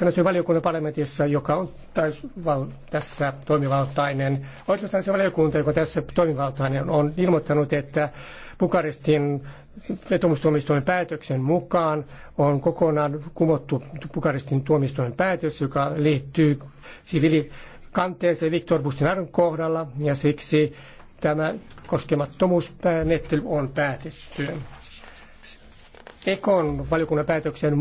sellaisen valiokunnan parlamentissa, joka on täysval, tässä toimivaltainen. Oikeastaan se valiokunta, joka tässä toimivaltainen on ilmoittanut, että Bukarestin vetomustuomistoimen päätöksen mukaan on kokonaan kumottu Bukarestin tuomistoimen päätös, joka liittyy siviilikanteeseen Viktor Bustinarin kohdalla, ja siksi tämä koskemattomuusmenettely on päätetty. Ekon valiokunnan päätöksen